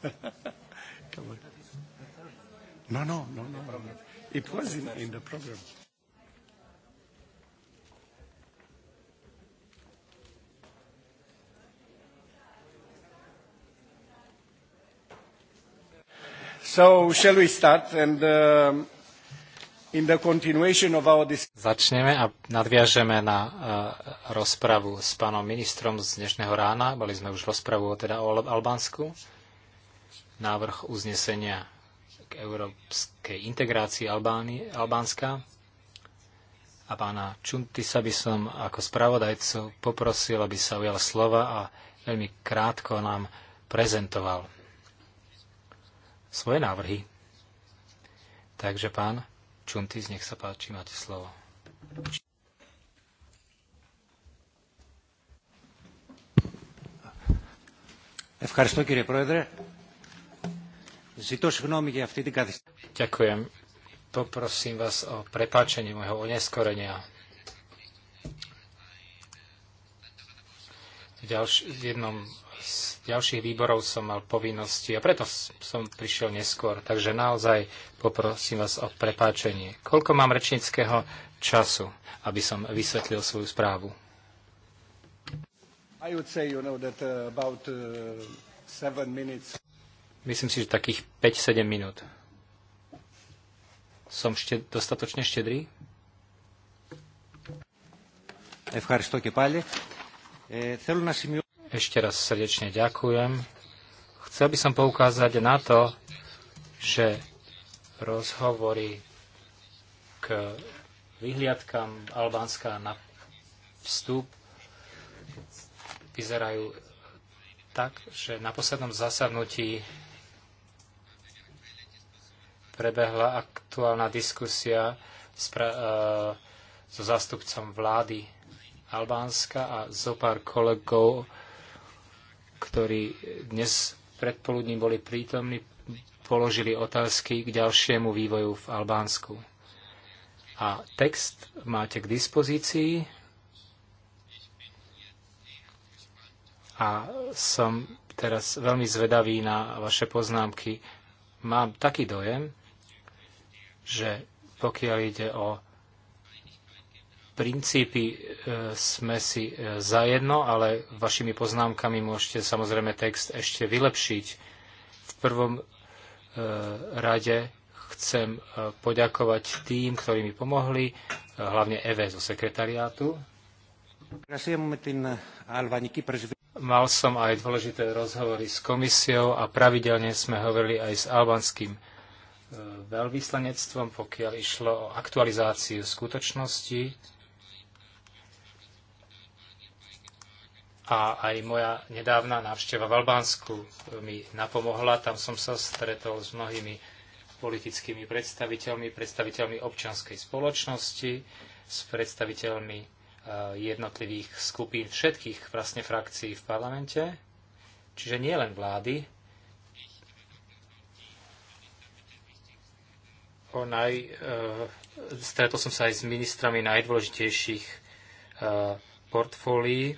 Come on. No, no, no, no, no. It was in, in the program. So, shall we start and um, in the continuation of our discussion... Začneme a nadviažeme na uh, rozpravu s pánom ministrom z dnešného rána. Mali sme už rozpravu teda o Albánsku. Al- Al- návrh uznesenia k európskej integrácii Albány, Albánska. A pána Čuntisa by som ako spravodajcu poprosil, aby sa ujal slova a veľmi krátko nám prezentoval svoje návrhy. Takže pán Čuntis, nech sa páči, máte slovo. Ευχαριστώ κύριε Πρόεδρε. Ďakujem. Poprosím vás o prepáčenie môjho oneskorenia. V, ďalš- v jednom z ďalších výborov som mal povinnosti a preto som prišiel neskôr. Takže naozaj poprosím vás o prepáčenie. Koľko mám rečnického času, aby som vysvetlil svoju správu? I would say, you know, that uh, about uh, seven minutes Myslím si, že takých 5-7 minút. Som šte, dostatočne štedrý? E, Ešte raz srdečne ďakujem. Chcel by som poukázať na to, že rozhovory k vyhliadkám Albánska na vstup vyzerajú tak, že na poslednom zasadnutí prebehla aktuálna diskusia s pra, e, so zástupcom vlády Albánska a zo pár kolegov, ktorí dnes predpoludní boli prítomní, položili otázky k ďalšiemu vývoju v Albánsku. A text máte k dispozícii a som teraz veľmi zvedavý na vaše poznámky. Mám taký dojem, že pokiaľ ide o princípy, e, sme si e, zajedno, ale vašimi poznámkami môžete samozrejme text ešte vylepšiť. V prvom e, rade chcem poďakovať tým, ktorí mi pomohli, hlavne Eve zo sekretariátu. Mal som aj dôležité rozhovory s komisiou a pravidelne sme hovorili aj s albanským veľvyslanectvom, pokiaľ išlo o aktualizáciu skutočnosti. A aj moja nedávna návšteva v Albánsku mi napomohla. Tam som sa stretol s mnohými politickými predstaviteľmi, predstaviteľmi občianskej spoločnosti, s predstaviteľmi e, jednotlivých skupín všetkých vlastne frakcií v parlamente, čiže nie len vlády, o naj... E, stretol som sa aj s ministrami najdôležitejších e, portfólií,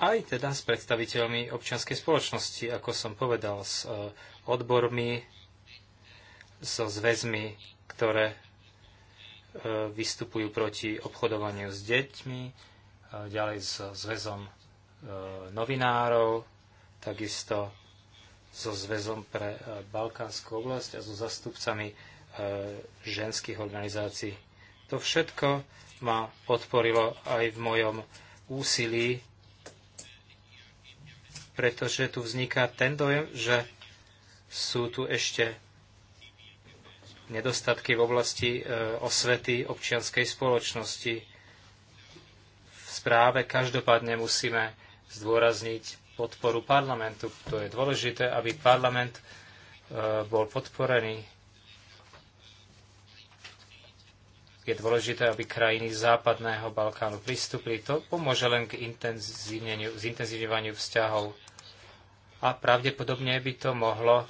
aj teda s predstaviteľmi občianskej spoločnosti, ako som povedal, s e, odbormi, so zväzmi, ktoré vystupujú proti obchodovaniu s deťmi, ďalej s zväzom novinárov, takisto so Zväzom pre e, Balkánsku oblasť a so zastupcami e, ženských organizácií. To všetko ma podporilo aj v mojom úsilí, pretože tu vzniká ten dojem, že sú tu ešte nedostatky v oblasti e, osvety občianskej spoločnosti. V správe každopádne musíme zdôrazniť podporu parlamentu. To je dôležité, aby parlament e, bol podporený. Je dôležité, aby krajiny západného Balkánu pristúpili. To pomôže len k zintenzívňovaniu vzťahov. A pravdepodobne by to mohlo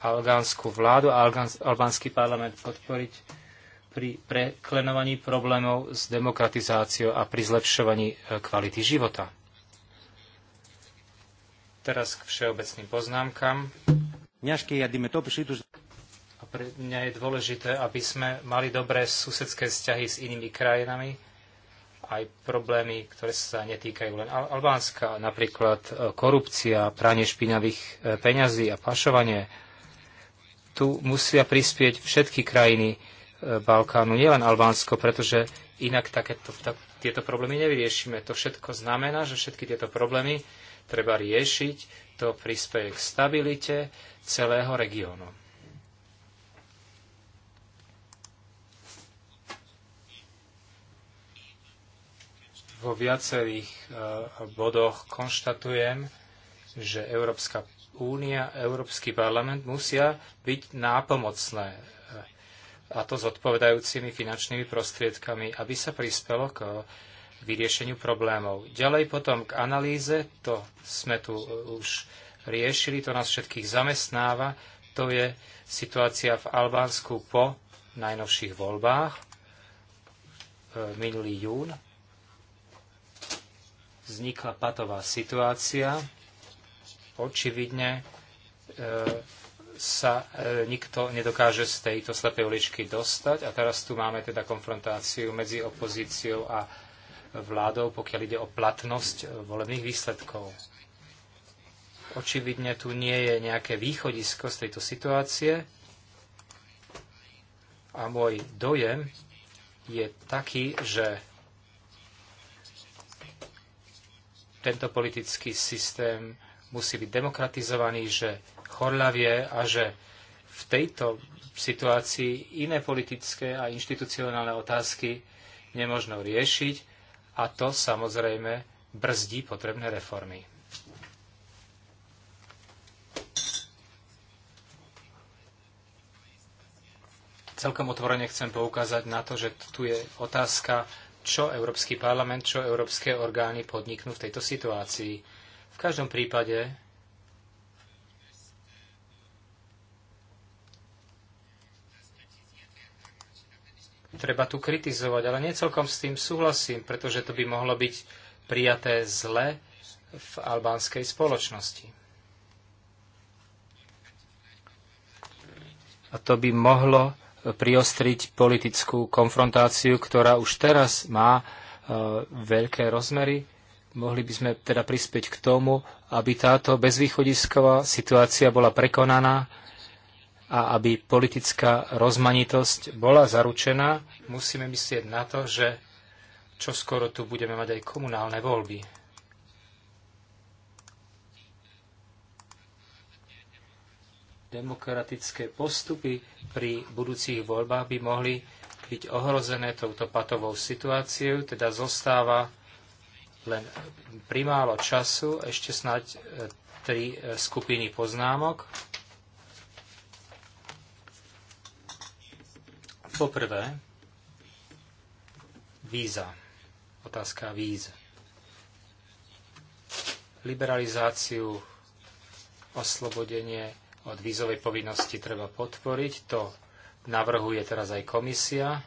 afgánsku vládu a albánsky parlament podporiť pri preklenovaní problémov s demokratizáciou a pri zlepšovaní e, kvality života. Teraz k všeobecným poznámkam. A pre mňa je dôležité, aby sme mali dobré susedské vzťahy s inými krajinami, aj problémy, ktoré sa netýkajú len Al- Albánska, napríklad e, korupcia, pranie špinavých e, peňazí a pašovanie. Tu musia prispieť všetky krajiny e, Balkánu, nielen Albánsko, pretože inak takéto, tak, tieto problémy nevyriešime. To všetko znamená, že všetky tieto problémy treba riešiť. To prispieje k stabilite celého regiónu. Vo viacerých eh, bodoch konštatujem, že Európska únia, Európsky parlament musia byť nápomocné eh, a to s odpovedajúcimi finančnými prostriedkami, aby sa prispelo k vyriešeniu problémov. Ďalej potom k analýze, to sme tu e, už riešili, to nás všetkých zamestnáva, to je situácia v Albánsku po najnovších voľbách e, minulý jún. Vznikla patová situácia. Očividne e, sa nikto nedokáže z tejto slepej uličky dostať a teraz tu máme teda konfrontáciu medzi opozíciou a vládou, pokiaľ ide o platnosť eh, volebných výsledkov. Očividne tu nie je nejaké východisko z tejto situácie a môj dojem je taký, že tento politický systém musí byť demokratizovaný, že chorľavie a že v tejto situácii iné politické a inštitucionálne otázky nemožno riešiť a to samozrejme brzdí potrebné reformy. Celkom otvorene chcem poukázať na to, že tu je otázka, čo Európsky parlament, čo európske orgány podniknú v tejto situácii. V každom prípade treba tu kritizovať, ale nie celkom s tým súhlasím, pretože to by mohlo byť prijaté zle v albánskej spoločnosti. A to by mohlo priostriť politickú konfrontáciu, ktorá už teraz má e, veľké rozmery. Mohli by sme teda prispieť k tomu, aby táto bezvýchodisková situácia bola prekonaná a aby politická rozmanitosť bola zaručená, musíme myslieť na to, že čo skoro tu budeme mať aj komunálne voľby. Demokratické postupy pri budúcich voľbách by mohli byť ohrozené touto patovou situáciou, teda zostáva len primálo času, ešte snáď e, tri e, skupiny poznámok. Poprvé, víza. Otázka víz. Liberalizáciu, oslobodenie od vízovej povinnosti treba podporiť. To navrhuje teraz aj komisia.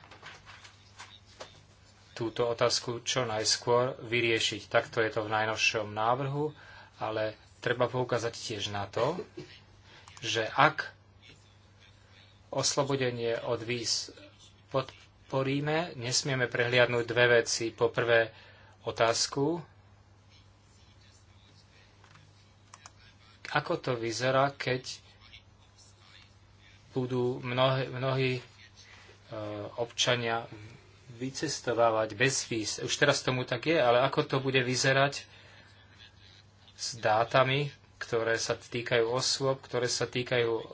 Túto otázku čo najskôr vyriešiť. Takto je to v najnovšom návrhu, ale treba poukázať tiež na to, že ak oslobodenie od víz podporíme. Nesmieme prehliadnúť dve veci. Po prvé, otázku, ako to vyzerá, keď budú mnohí, mnohí e, občania vycestovávať bez víz. Už teraz tomu tak je, ale ako to bude vyzerať s dátami, ktoré sa týkajú osôb, ktoré sa týkajú e,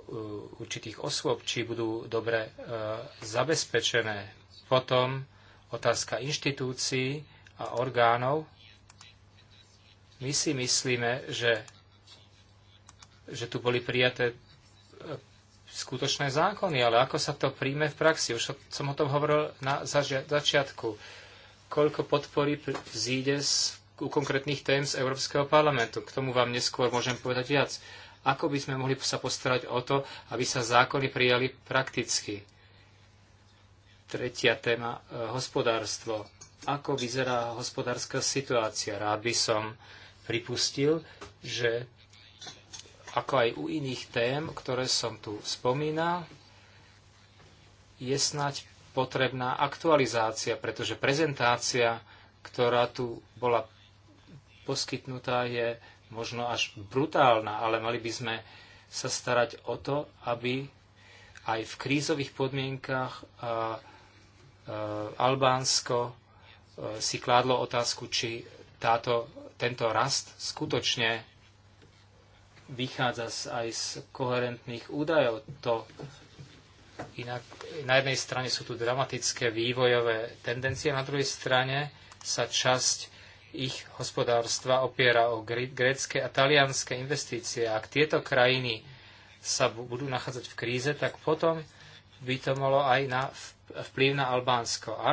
Eh, určitých osôb, či budú dobre eh, zabezpečené. Potom otázka inštitúcií a orgánov. My si myslíme, že, že tu boli prijaté eh, skutočné zákony, ale ako sa to príjme v praxi? Už som o tom hovoril na začiatku. Koľko podpory vzíde z, u konkrétnych tém z Európskeho parlamentu? K tomu vám neskôr môžem povedať viac. Ako by sme mohli sa postarať o to, aby sa zákony prijali prakticky? Tretia téma, e, hospodárstvo. Ako vyzerá hospodárska situácia? Rád by som pripustil, že ako aj u iných tém, ktoré som tu spomínal, je snať potrebná aktualizácia, pretože prezentácia, ktorá tu bola poskytnutá, je možno až brutálna, ale mali by sme sa starať o to, aby aj v krízových podmienkach Albánsko e, si kládlo otázku, či táto, tento rast skutočne vychádza z, aj z koherentných údajov. To inak, na jednej strane sú tu dramatické vývojové tendencie, na druhej strane sa časť ich hospodárstva opiera o grécke a talianské investície. Ak tieto krajiny sa budú nachádzať v kríze, tak potom by to malo aj na vplyv na Albánsko. A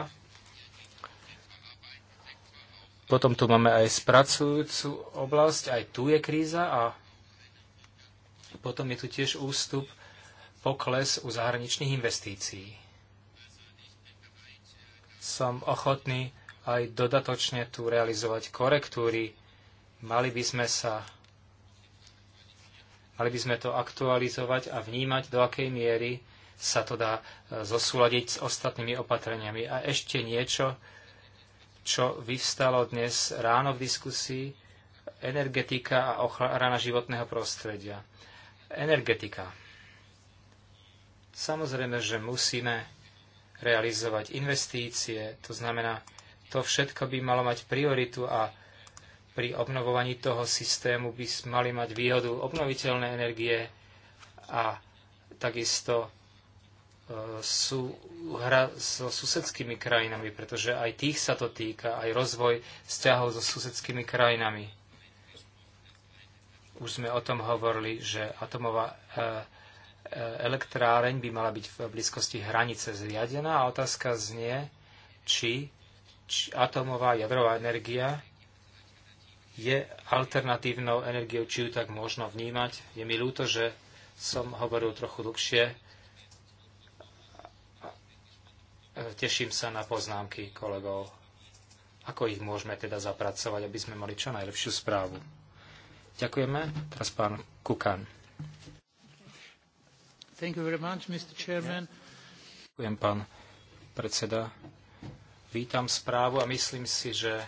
potom tu máme aj spracujúcu oblasť, aj tu je kríza a potom je tu tiež ústup, pokles u zahraničných investícií. Som ochotný aj dodatočne tu realizovať korektúry. Mali by sme sa mali by sme to aktualizovať a vnímať, do akej miery sa to dá e, zosúľadiť s ostatnými opatreniami. A ešte niečo, čo vyvstalo dnes ráno v diskusii, energetika a ochrana životného prostredia. Energetika. Samozrejme, že musíme realizovať investície, to znamená, to všetko by malo mať prioritu a pri obnovovaní toho systému by mali mať výhodu obnoviteľné energie a takisto e, sú hra so susedskými krajinami, pretože aj tých sa to týka, aj rozvoj vzťahov so susedskými krajinami. Už sme o tom hovorili, že atomová e, e, elektráreň by mala byť v blízkosti hranice zriadená a otázka znie, či či atomová jadrová energia je alternatívnou energiou, či ju tak možno vnímať. Je mi ľúto, že som hovoril trochu dlhšie. Teším sa na poznámky kolegov, ako ich môžeme teda zapracovať, aby sme mali čo najlepšiu správu. Ďakujeme. Teraz pán Kukan. Thank you very much, Mr. Chairman. Ďakujem, pán predseda. Vítam správu a myslím si, že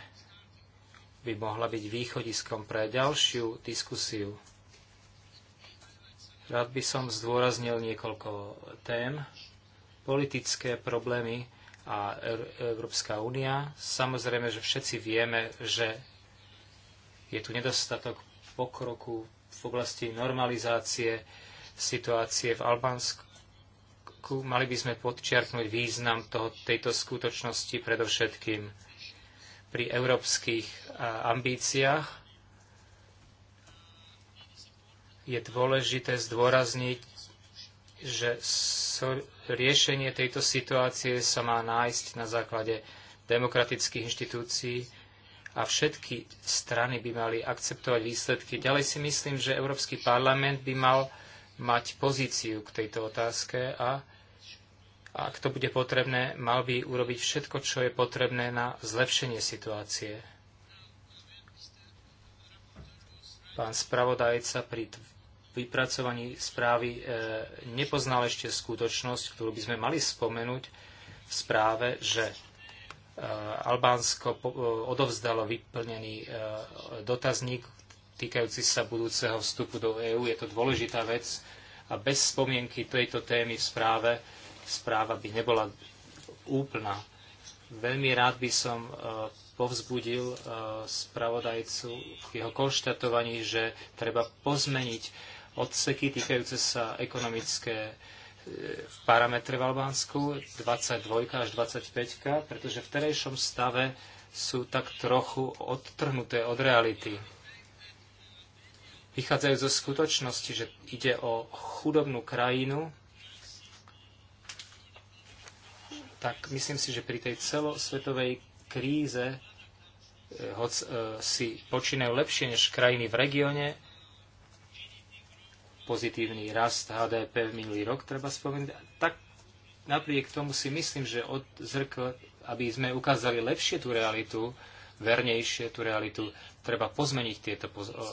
by mohla byť východiskom pre ďalšiu diskusiu. Rád by som zdôraznil niekoľko tém. Politické problémy a Európska únia. Samozrejme, že všetci vieme, že je tu nedostatok pokroku v oblasti normalizácie situácie v Albánsku mali by sme podčiarknúť význam toho, tejto skutočnosti predovšetkým pri európskych ambíciách. Je dôležité zdôrazniť, že so, riešenie tejto situácie sa má nájsť na základe demokratických inštitúcií a všetky strany by mali akceptovať výsledky. Ďalej si myslím, že Európsky parlament by mal mať pozíciu k tejto otázke a ak to bude potrebné, mal by urobiť všetko, čo je potrebné na zlepšenie situácie. Pán spravodajca pri vypracovaní správy e, nepoznal ešte skutočnosť, ktorú by sme mali spomenúť v správe, že e, Albánsko e, odovzdalo vyplnený dotazník, týkajúci sa budúceho vstupu do EÚ. Je to dôležitá vec a bez spomienky tejto témy v správe správa by nebola úplná. Veľmi rád by som e, povzbudil e, spravodajcu v jeho konštatovaní, že treba pozmeniť odseky týkajúce sa ekonomické e, parametre v Albánsku 22 až 25, pretože v terejšom stave sú tak trochu odtrhnuté od reality vychádzajú zo skutočnosti, že ide o chudobnú krajinu, tak myslím si, že pri tej celosvetovej kríze, eh, hoc eh, si počínajú lepšie než krajiny v regióne, pozitívny rast HDP v minulý rok, treba spomenúť, tak napriek tomu si myslím, že od zrkl, aby sme ukázali lepšie tú realitu, vernejšie tú realitu, treba pozmeniť tieto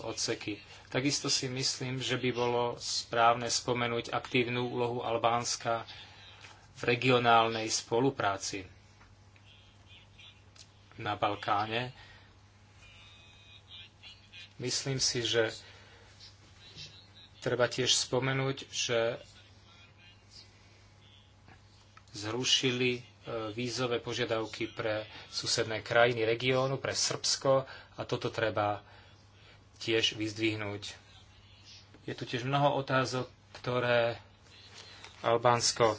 odseky. Takisto si myslím, že by bolo správne spomenúť aktívnu úlohu Albánska v regionálnej spolupráci na Balkáne. Myslím si, že treba tiež spomenúť, že zrušili e, vízové požiadavky pre susedné krajiny regiónu, pre Srbsko, a toto treba tiež vyzdvihnúť. Je tu tiež mnoho otázok, ktoré Albánsko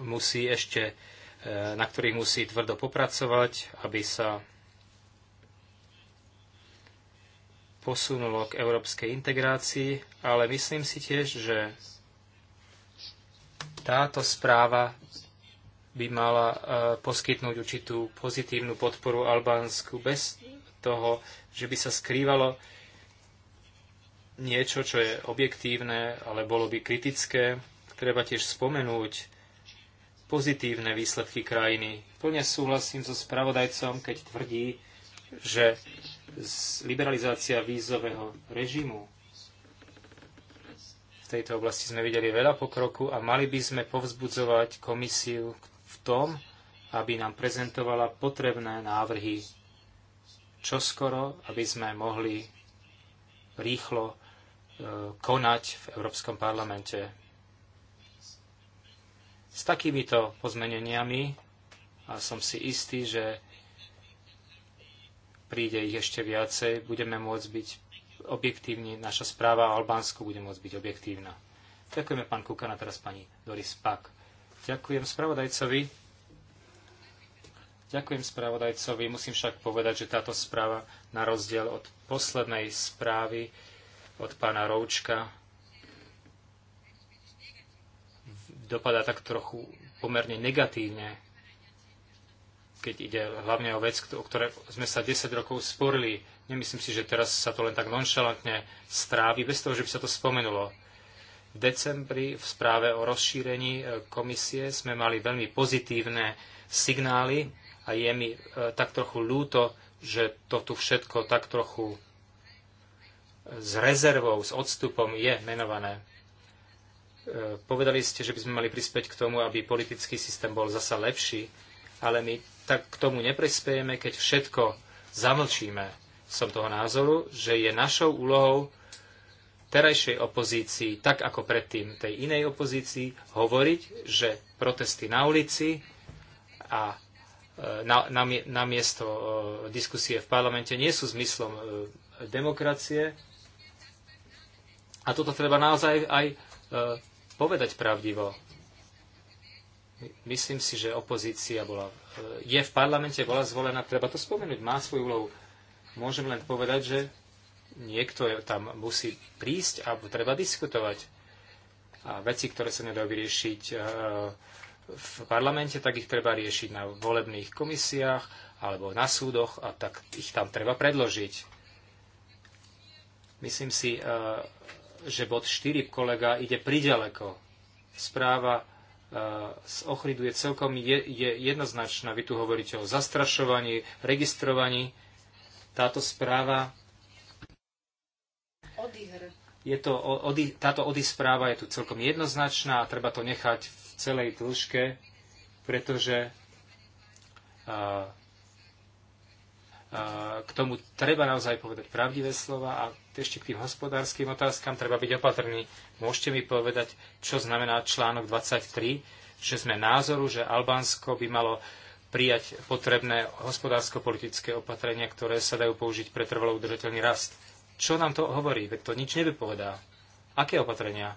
musí ešte, e, na ktorých musí tvrdo popracovať, aby sa posunulo k európskej integrácii, ale myslím si tiež, že táto správa by mala e, poskytnúť určitú pozitívnu podporu Albánsku bez toho, že by sa skrývalo niečo, čo je objektívne, ale bolo by kritické. Treba tiež spomenúť pozitívne výsledky krajiny. Plne súhlasím so spravodajcom, keď tvrdí, že liberalizácia vízového režimu v tejto oblasti sme videli veľa pokroku a mali by sme povzbudzovať komisiu k tom, aby nám prezentovala potrebné návrhy čoskoro, aby sme mohli rýchlo e, konať v Európskom parlamente. S takýmito pozmeneniami a som si istý, že príde ich ešte viacej, budeme môcť byť objektívni, naša správa o Albánsku bude môcť byť objektívna. Ďakujeme pán Kukana, teraz pani Doris Pak. Ďakujem spravodajcovi. Ďakujem spravodajcovi. Musím však povedať, že táto správa, na rozdiel od poslednej správy od pána Roučka, dopadá tak trochu pomerne negatívne, keď ide hlavne o vec, o ktoré sme sa 10 rokov sporili. Nemyslím si, že teraz sa to len tak nonšalantne strávi, bez toho, že by sa to spomenulo v decembri v správe o rozšírení e, komisie sme mali veľmi pozitívne signály a je mi e, tak trochu ľúto, že to tu všetko tak trochu e, s rezervou, s odstupom je menované. Povedali ste, že by sme mali prispäť k tomu, aby politický systém bol zasa lepší, ale my tak k tomu neprispiejeme, keď všetko zamlčíme. Som toho názoru, že je našou úlohou terajšej opozícii, tak ako predtým tej inej opozícii, hovoriť, že protesty na ulici a e, na, na, na miesto e, diskusie v parlamente nie sú zmyslom e, demokracie. A toto treba naozaj aj povedať pravdivo. Myslím si, že opozícia bola, je v parlamente, bola zvolená, treba to spomenúť, má svoju úlohu. Môžem len povedať, že niekto tam musí prísť a treba diskutovať. A veci, ktoré sa nedajú vyriešiť eh, v parlamente, tak ich treba riešiť na volebných komisiách alebo na súdoch a tak ich tam treba predložiť. Myslím si, eh, že bod 4 kolega ide priďaleko. Správa z eh, Ochridu je celkom jednoznačná. Vy tu hovoríte o zastrašovaní, registrovaní. Táto správa Odihr. Je to, odi, táto ody správa je tu celkom jednoznačná a treba to nechať v celej dĺžke, pretože a, a, k tomu treba naozaj povedať pravdivé slova a ešte k tým hospodárskym otázkam treba byť opatrný. Môžete mi povedať, čo znamená článok 23, že sme názoru, že Albánsko by malo prijať potrebné hospodársko-politické opatrenia, ktoré sa dajú použiť pre trvalo udržateľný rast. Čo nám to hovorí? Veď to nič nevypovedá. Aké opatrenia?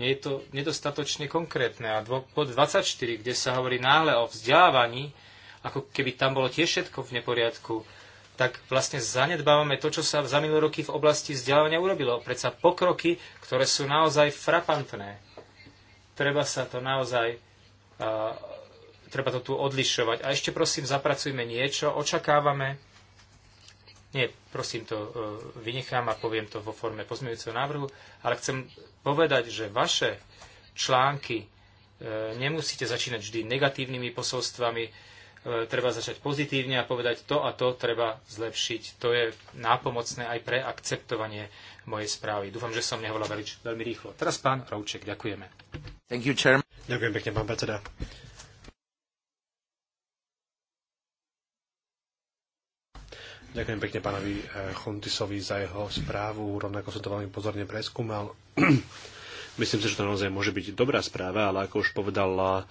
Nie je to nedostatočne konkrétne. A pod 24, kde sa hovorí náhle o vzdelávaní, ako keby tam bolo tiež všetko v neporiadku, tak vlastne zanedbávame to, čo sa za minulé roky v oblasti vzdelávania urobilo. Predsa pokroky, ktoré sú naozaj frapantné. Treba sa to naozaj uh, treba to tu odlišovať. A ešte prosím, zapracujme niečo, očakávame nie, prosím, to e, vynechám a poviem to vo forme pozmeňujúceho návrhu, ale chcem povedať, že vaše články e, nemusíte začínať vždy negatívnymi posolstvami, e, treba začať pozitívne a povedať to a to treba zlepšiť. To je nápomocné aj pre akceptovanie mojej správy. Dúfam, že som nehovoril veľmi rýchlo. Teraz pán Rouček, ďakujeme. You, Ďakujem pekne, pán predseda. Ďakujem pekne pánovi eh, Chuntisovi za jeho správu, rovnako som to veľmi pozorne preskúmal. Myslím si, že to naozaj môže byť dobrá správa, ale ako už povedala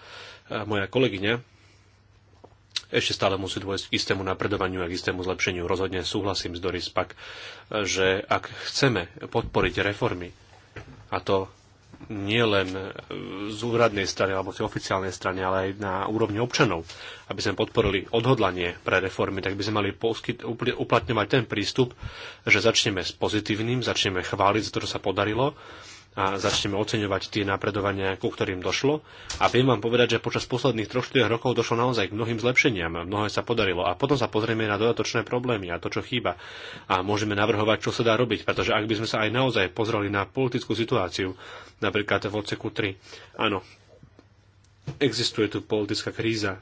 eh, moja kolegyňa, ešte stále musí dôjsť k istému napredovaniu a k istému zlepšeniu. Rozhodne súhlasím s Doris Pak, eh, že ak chceme podporiť reformy, a to nie len z úradnej strany alebo z oficiálnej strany, ale aj na úrovni občanov, aby sme podporili odhodlanie pre reformy, tak by sme mali poskyt, uplatňovať ten prístup, že začneme s pozitívnym, začneme chváliť, za to, čo sa podarilo a začneme oceňovať tie napredovania, ku ktorým došlo. A viem vám povedať, že počas posledných 3-4 rokov došlo naozaj k mnohým zlepšeniam. Mnohé sa podarilo. A potom sa pozrieme na dodatočné problémy a to, čo chýba. A môžeme navrhovať, čo sa dá robiť. Pretože ak by sme sa aj naozaj pozreli na politickú situáciu, napríklad v odseku 3, áno, existuje tu politická kríza,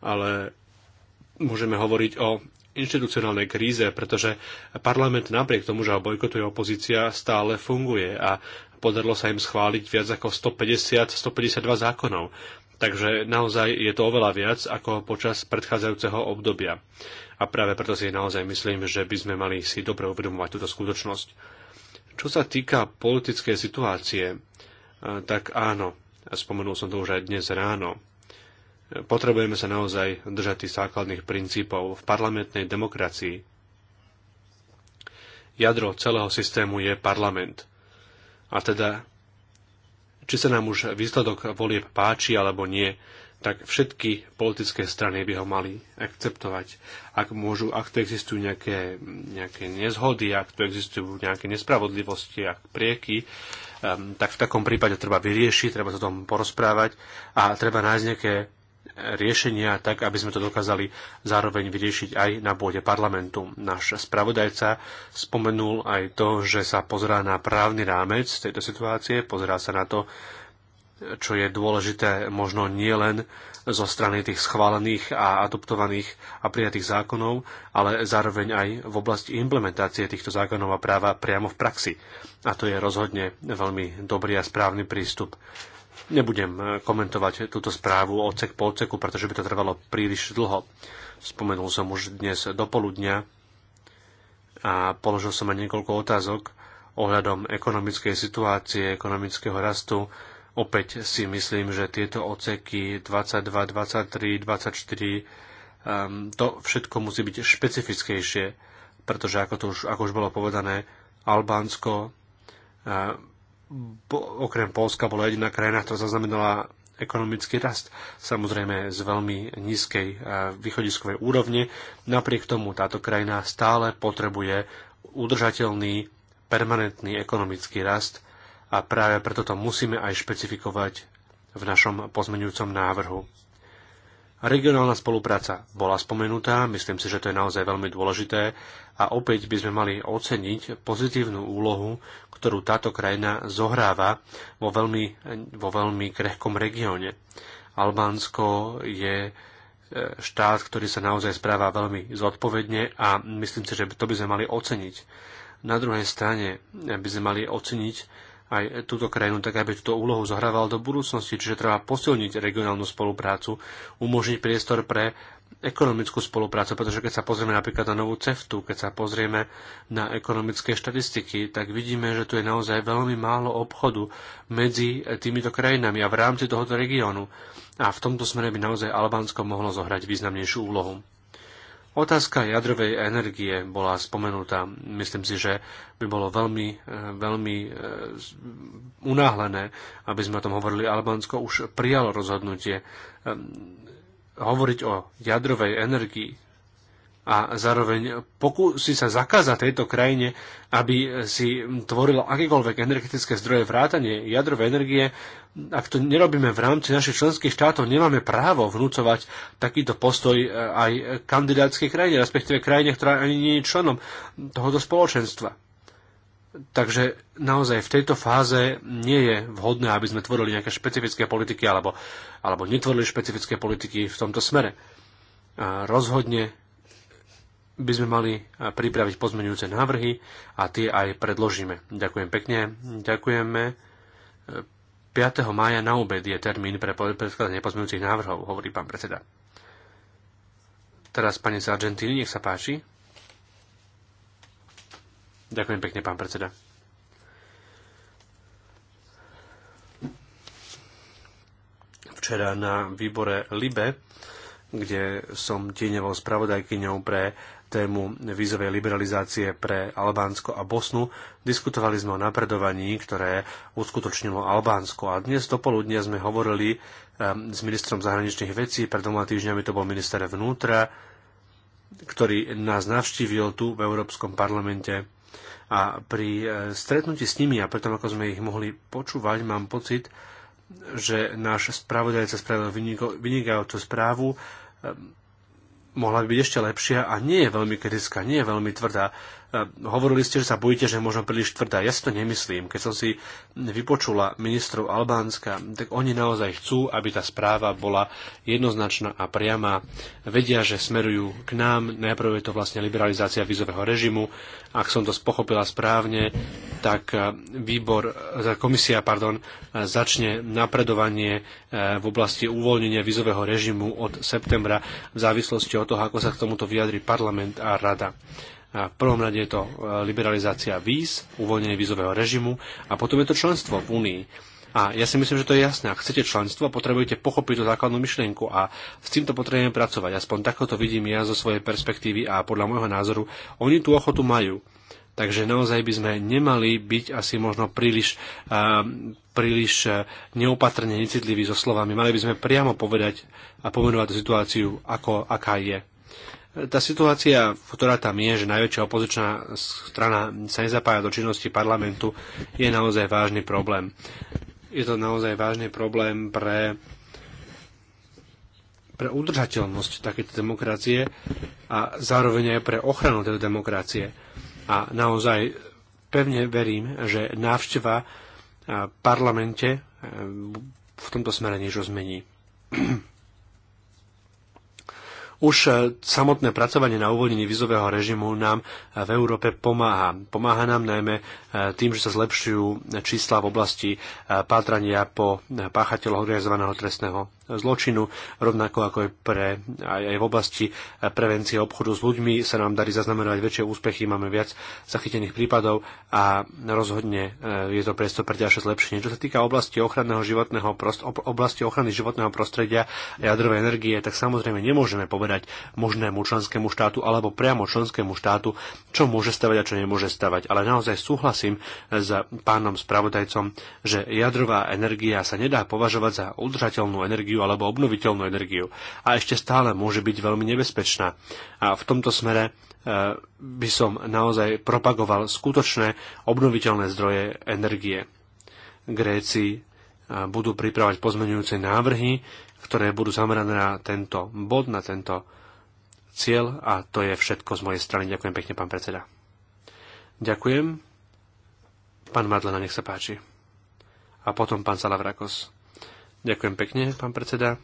ale môžeme hovoriť o inštitucionálnej kríze, pretože parlament napriek tomu, že ho bojkotuje opozícia, stále funguje a Podarilo sa im schváliť viac ako 150, 152 zákonov. Takže naozaj je to oveľa viac ako počas predchádzajúceho obdobia. A práve preto si naozaj myslím, že by sme mali si dobre uvedomovať túto skutočnosť. Čo sa týka politickej situácie, e, tak áno, spomenul som to už aj dnes ráno, potrebujeme sa naozaj držať tých základných princípov v parlamentnej demokracii. Jadro celého systému je parlament. A teda, či sa nám už výsledok volieb páči alebo nie, tak všetky politické strany by ho mali akceptovať. Ak môžu, ak tu existujú nejaké, nejaké nezhody, ak tu existujú nejaké nespravodlivosti, ak prieky, um, tak v takom prípade treba vyriešiť, treba sa tom porozprávať a treba nájsť nejaké riešenia, tak aby sme to dokázali zároveň vyriešiť aj na pôde parlamentu. Náš spravodajca spomenul aj to, že sa pozrá na právny rámec tejto situácie, pozerá sa na to, čo je dôležité možno nie len zo strany tých schválených a adoptovaných a prijatých zákonov, ale zároveň aj v oblasti implementácie týchto zákonov a práva priamo v praxi. A to je rozhodne veľmi dobrý a správny prístup. Nebudem eh, komentovať túto správu odsek po odseku, pretože by to trvalo príliš dlho. Spomenul som už dnes do poludnia a položil som aj niekoľko otázok ohľadom ekonomickej situácie, ekonomického rastu. Opäť si myslím, že tieto odseky 22, 23, 24, to všetko musí byť špecifickejšie, pretože ako, to už, ako už bolo povedané, Albánsko eh, okrem Polska bola jediná krajina, ktorá zaznamenala ekonomický rast, samozrejme z veľmi nízkej e, východiskovej úrovne. Napriek tomu táto krajina stále potrebuje udržateľný, permanentný ekonomický rast a práve preto to musíme aj špecifikovať v našom pozmeňujúcom návrhu. Regionálna spolupráca bola spomenutá, myslím si, že to je naozaj veľmi dôležité a opäť by sme mali oceniť pozitívnu úlohu, ktorú táto krajina zohráva vo veľmi, vo veľmi krehkom regióne. Albánsko je e, štát, ktorý sa naozaj správa veľmi zodpovedne a myslím si, že to by sme mali oceniť. Na druhej strane by sme mali oceniť aj túto krajinu, tak aby túto úlohu zohrával do budúcnosti, čiže treba posilniť regionálnu spoluprácu, umožniť priestor pre ekonomickú spoluprácu, pretože keď sa pozrieme napríklad na novú CEFTU, keď sa pozrieme na ekonomické štatistiky, tak vidíme, že tu je naozaj veľmi málo obchodu medzi týmito krajinami a v rámci tohoto regiónu. A v tomto smere by naozaj Albánsko mohlo zohrať významnejšiu úlohu. Otázka jadrovej energie bola spomenutá. Myslím si, že by bolo veľmi, eh, veľmi eh, unáhlené, aby sme o tom hovorili. Albánsko už prijalo rozhodnutie ehm, hovoriť o jadrovej energii a zároveň pokúsi sa zakázať tejto krajine, aby si tvorilo akékoľvek energetické zdroje vrátanie jadrovej energie, ak to nerobíme v rámci našich členských štátov, nemáme právo vnúcovať takýto postoj e, aj kandidátskej krajine, respektíve krajine, ktorá ani nie je členom tohoto spoločenstva. Takže naozaj v tejto fáze nie je vhodné, aby sme tvorili nejaké špecifické politiky alebo, alebo netvorili špecifické politiky v tomto smere. A rozhodne by sme mali pripraviť pozmenujúce návrhy a tie aj predložíme. Ďakujem pekne, ďakujeme. 5. E, mája na obed je termín pre predkladanie pozmeňujúcich návrhov, hovorí pán predseda. Teraz pani z Argentíny, nech sa páči. Ďakujem pekne, pán predseda. Včera na výbore LIBE, kde som tieňovou spravodajkyňou pre tému vízovej liberalizácie pre Albánsko a Bosnu. Diskutovali sme o napredovaní, ktoré uskutočnilo Albánsko. A dnes dopoludne sme hovorili eh, s ministrom zahraničných vecí, pred dvoma týždňami to bol minister vnútra, ktorý nás navštívil tu v Európskom parlamente. A pri eh, stretnutí s nimi a preto, ako sme ich mohli počúvať, mám pocit, že náš spravodajca spravil vynikajúcu správu ehm, mohla by byť ešte lepšia a nie je veľmi kritická, nie je veľmi tvrdá. Eh, hovorili ste, že sa bojíte, že možno príliš tvrdá. Ja si to nemyslím. Keď som si vypočula ministrov Albánska, tak oni naozaj chcú, aby tá správa bola jednoznačná a priama. Vedia, že smerujú k nám. Najprv je to vlastne liberalizácia vízového režimu. Ak som to pochopila správne, tak eh, výbor, eh, komisia pardon, začne napredovanie v oblasti uvoľnenia vízového režimu od septembra v závislosti od toho, ako sa k tomuto vyjadri parlament a rada. V prvom rade je to e, liberalizácia víz, uvoľnenie vízového režimu a potom je to členstvo v Únii. A ja si myslím, že to je jasné. Ak chcete členstvo, potrebujete pochopiť tú základnú myšlienku a s týmto potrebujeme pracovať. Aspoň takto to vidím ja zo svojej perspektívy a podľa môjho názoru oni tú ochotu majú. Takže naozaj by sme nemali byť asi možno príliš, uh, príliš e, neopatrne necitliví so slovami. Mali by sme priamo povedať a pomenovať situáciu, ako, aká je tá situácia, ktorá tam je, že najväčšia opozičná strana sa nezapája do činnosti parlamentu, je naozaj vážny problém. Je to naozaj vážny problém pre, pre udržateľnosť takéto demokracie a zároveň aj pre ochranu tejto demokracie. A naozaj pevne verím, že návšteva v parlamente e, v tomto smere niečo zmení. Už e, samotné pracovanie na uvoľnení vizového režimu nám e, v Európe pomáha. Pomáha nám najmä e, tým, že sa zlepšujú čísla v oblasti pátrania po páchateľoch organizovaného trestného zločinu, rovnako ako aj, pre, aj, aj v oblasti prevencie obchodu s ľuďmi sa nám darí zaznamenovať väčšie úspechy, máme viac zachytených prípadov a rozhodne e, je to priestor pre ďalšie zlepšenie. Čo sa týka oblasti, ochranného životného prost, oblasti ochrany životného prostredia a jadrovej energie, tak samozrejme nemôžeme povedať možnému členskému štátu alebo priamo členskému štátu, čo môže stavať a čo nemôže stavať. Ale naozaj súhlasím s pánom spravodajcom, že jadrová energia sa nedá považovať za udržateľnú energiu energiu alebo obnoviteľnú energiu a ešte stále môže byť veľmi nebezpečná. A v tomto smere e, by som naozaj propagoval skutočné obnoviteľné zdroje energie. Gréci e, budú pripravať pozmenujúce návrhy, ktoré budú zamerané na tento bod, na tento cieľ a to je všetko z mojej strany. Ďakujem pekne, pán predseda. Ďakujem. Pán Madlena, nech sa páči. A potom pán Salavrakos. Ďakujem pekne, pán predseda.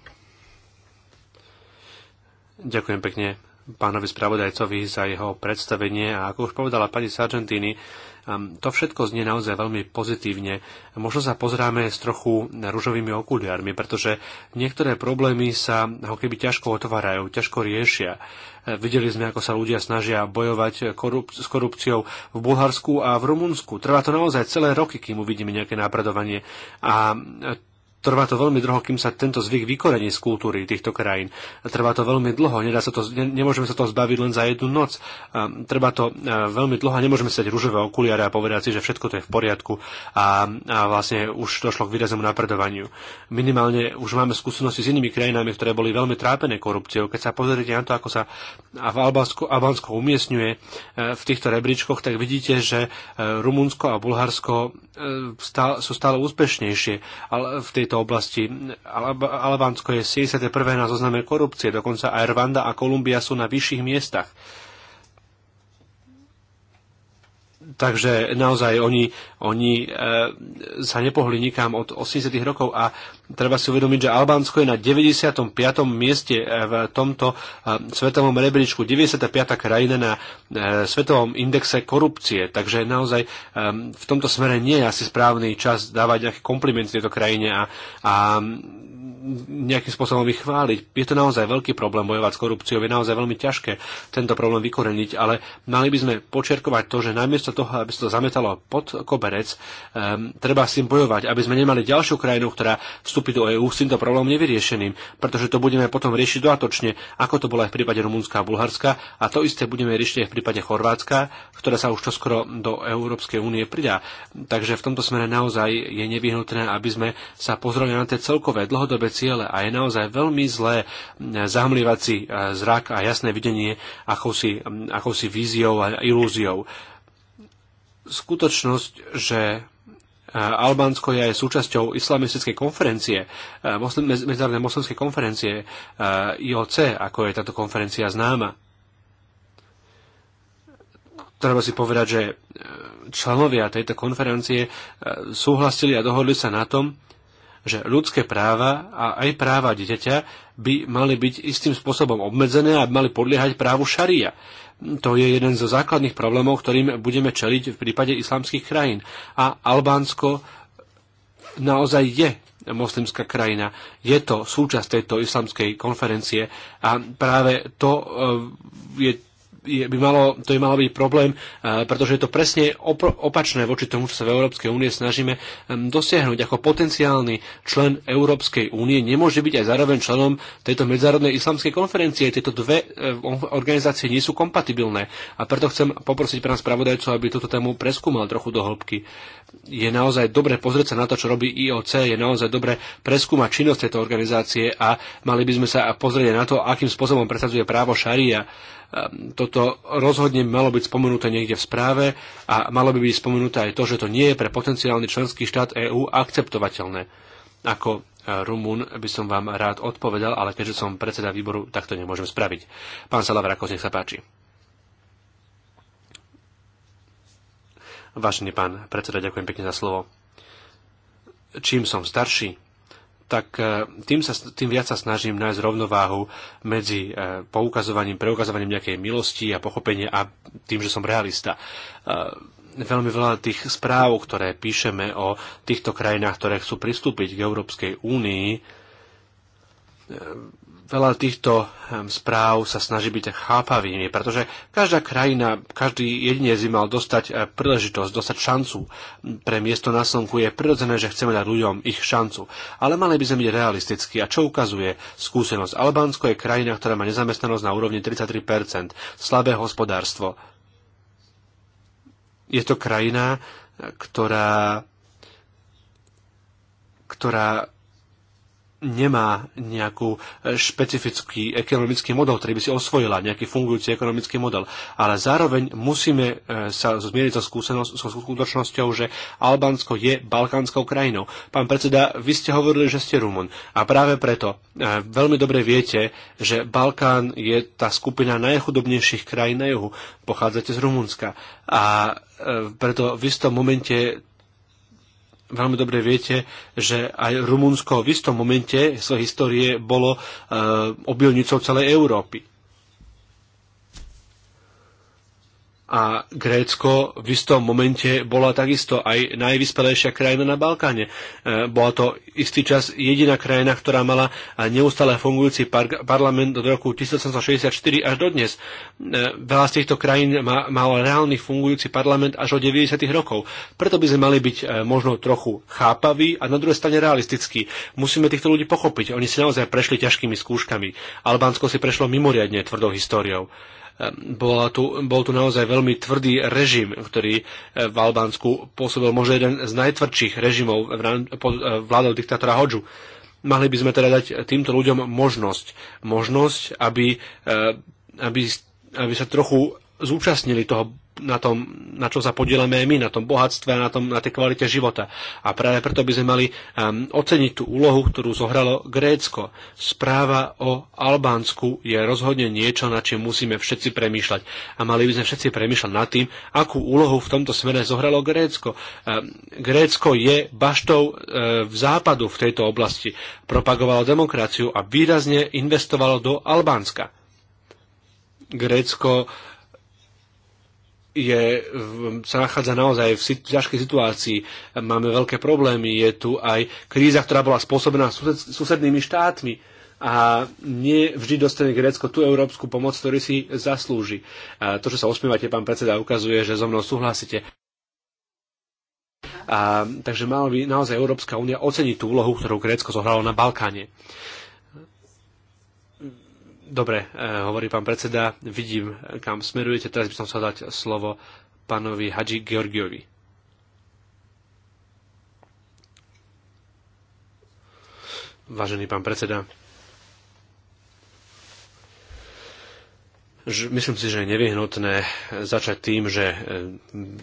Ďakujem pekne pánovi spravodajcovi za jeho predstavenie a ako už povedala pani Sargentini, um, to všetko znie naozaj veľmi pozitívne. Možno sa pozráme s trochu ružovými okuliarmi, pretože niektoré problémy sa ako keby ťažko otvárajú, ťažko riešia. E, videli sme, ako sa ľudia snažia bojovať korup- s korupciou v Bulharsku a v Rumunsku. Trvá to naozaj celé roky, kým uvidíme nejaké napredovanie. A Trvá to veľmi dlho, kým sa tento zvyk vykorení z kultúry týchto krajín. Trvá to veľmi dlho, nedá sa to, ne, nemôžeme sa to zbaviť len za jednu noc. Um, trvá to veľmi dlho a nemôžeme sať rúžové okuliare a povedať si, že všetko to je v poriadku a, a vlastne už došlo k výraznému napredovaniu. Minimálne už máme skúsenosti s inými krajinami, ktoré boli veľmi trápené korupciou. Keď sa pozrite na to, ako sa v Albánsku, Albánsko umiestňuje e, v týchto rebríčkoch, tak vidíte, že e, Rumunsko a Bulharsko e, sú stále úspešnejšie v tejto tejto oblasti. Albánsko je 71. na zozname korupcie, dokonca aj Rwanda a Kolumbia sú na vyšších miestach. Takže naozaj oni, oni e, sa nepohli nikam od 80. rokov a treba si uvedomiť, že Albánsko je na 95. mieste e, v tomto e, svetovom rebríčku, 95. krajina na e, svetovom indexe korupcie. Takže naozaj e, v tomto smere nie je asi správny čas dávať nejaké komplimenty tejto krajine a, a nejakým spôsobom vychváliť. Je to naozaj veľký problém bojovať s korupciou, je naozaj veľmi ťažké tento problém vykoreniť, ale mali by sme počerkovať to, že namiesto toho, aby sa to zametalo pod koberec, um, treba s tým bojovať, aby sme nemali ďalšiu krajinu, ktorá vstúpi do EÚ s týmto problémom nevyriešeným, pretože to budeme potom riešiť dodatočne, ako to bolo aj v prípade Rumunska a Bulharska a to isté budeme riešiť aj v prípade Chorvátska, ktoré sa už čoskoro do Európskej únie pridá. Takže v tomto smere naozaj je nevyhnutné, aby sme sa pozreli na tie celkové dlhodobé ciele a je naozaj veľmi zlé eh, zahmlievať si eh, zrak a jasné videnie akousi, mm, akousi víziou a ilúziou. Skutočnosť, že eh, Albánsko je aj súčasťou islamistickej konferencie, medzinárodnej moslimskej konferencie IOC, ako je táto konferencia známa. Treba si povedať, že členovia tejto konferencie súhlasili a dohodli sa na tom, že ľudské práva a aj práva dieťaťa by mali byť istým spôsobom obmedzené a mali podliehať právu šaria. To je jeden zo základných problémov, ktorým budeme čeliť v prípade islamských krajín. A Albánsko naozaj je moslimská krajina. Je to súčasť tejto islamskej konferencie a práve to e, je je, by malo, to je malo byť problém, eh, pretože je to presne opačné voči tomu, čo sa v Európskej únie snažíme dosiahnuť. Ako potenciálny člen Európskej únie nemôže byť aj zároveň členom tejto medzárodnej islamskej konferencie. Tieto dve eh, organizácie nie sú kompatibilné. A preto chcem poprosiť pána spravodajcu, aby túto tému preskúmal trochu do hĺbky. Je naozaj dobre pozrieť sa na to, čo robí IOC, je naozaj dobre preskúmať činnosť tejto organizácie a mali by sme sa pozrieť na to, akým spôsobom presadzuje právo šaria Ehm, toto rozhodne malo byť spomenuté niekde v správe a malo by byť spomenuté aj to, že to nie je pre potenciálny členský štát EÚ akceptovateľné. Ako e, Rumún by som vám rád odpovedal, ale keďže som predseda výboru, tak to nemôžem spraviť. Pán Salavrakos, nech sa páči. Vážený pán predseda, ďakujem pekne za slovo. Čím som starší, tak e, tým, sa, tým viac sa snažím nájsť rovnováhu medzi e, poukazovaním, preukazovaním nejakej milosti a pochopenia a tým, že som realista e, veľmi veľa tých správ, ktoré píšeme o týchto krajinách, ktoré chcú pristúpiť k Európskej únii, veľa týchto správ sa snaží byť chápavými, pretože každá krajina, každý jedinec by mal dostať eh, príležitosť, dostať šancu. Pre miesto na slnku je prirodzené, že chceme dať ľuďom ich šancu. Ale mali by sme byť realistickí. A čo ukazuje skúsenosť? Albánsko je krajina, ktorá má nezamestnanosť na úrovni 33%, slabé hospodárstvo. Je to krajina, ktorá ktorá nemá nejakú e, špecifický ekonomický model, ktorý by si osvojila, nejaký fungujúci ekonomický model. Ale zároveň musíme e, sa zmieriť so, skúsenosť, so skutočnosťou, že Albánsko je balkánskou krajinou. Pán predseda, vy ste hovorili, že ste Rumun. A práve preto e, veľmi dobre viete, že Balkán je tá skupina najchudobnejších krajín na juhu. Pochádzate z Rumunska. A preto v istom momente veľmi dobre viete, že aj Rumunsko v istom momente svojej histórie bolo e, obilnicou celej Európy. a Grécko v istom momente bola takisto aj najvyspelejšia krajina na Balkáne. E, bola to istý čas jediná krajina, ktorá mala neustále fungujúci par- parlament od roku 1864 až dodnes. E, veľa z týchto krajín má, malo reálny fungujúci parlament až od 90. rokov. Preto by sme mali byť e, možno trochu chápaví a na druhej strane realistickí. Musíme týchto ľudí pochopiť. Oni si naozaj prešli ťažkými skúškami. Albánsko si prešlo mimoriadne tvrdou históriou. Ehm, bola tu, bol tu naozaj veľmi tvrdý režim, ktorý e, v Albánsku pôsobil možno jeden z najtvrdších režimov pod e, vládou diktátora Hodžu. Mali by sme teda dať týmto ľuďom možnosť, možnosť, aby, e, aby aby sa trochu zúčastnili toho, na tom, na čo sa podielame my, na tom bohatstve a na, tom, na tej kvalite života. A práve preto by sme mali um, oceniť tú úlohu, ktorú zohralo Grécko. Správa o Albánsku je rozhodne niečo, na čím musíme všetci premýšľať. A mali by sme všetci premýšľať nad tým, akú úlohu v tomto smere zohralo Grécko. Um, Grécko je baštou um, v západu v tejto oblasti. Propagovalo demokraciu a výrazne investovalo do Albánska. Grécko uh, je, sa nachádza naozaj v ťažkej situácii. Máme veľké problémy. Je tu aj kríza, ktorá bola spôsobená sused, susednými štátmi a nie vždy dostane Grécko tú európsku pomoc, ktorý si zaslúži. A to, čo sa osmievate, pán predseda, ukazuje, že so mnou súhlasíte. A, takže mal by naozaj Európska únia oceniť tú úlohu, ktorú Grécko zohralo na Balkáne. Dobre, e, hovorí pán predseda, vidím, kam smerujete. Teraz by som chcel dať slovo pánovi Hadži Georgiovi. Vážený pán predseda, Myslím si, že je nevyhnutné začať tým, že e,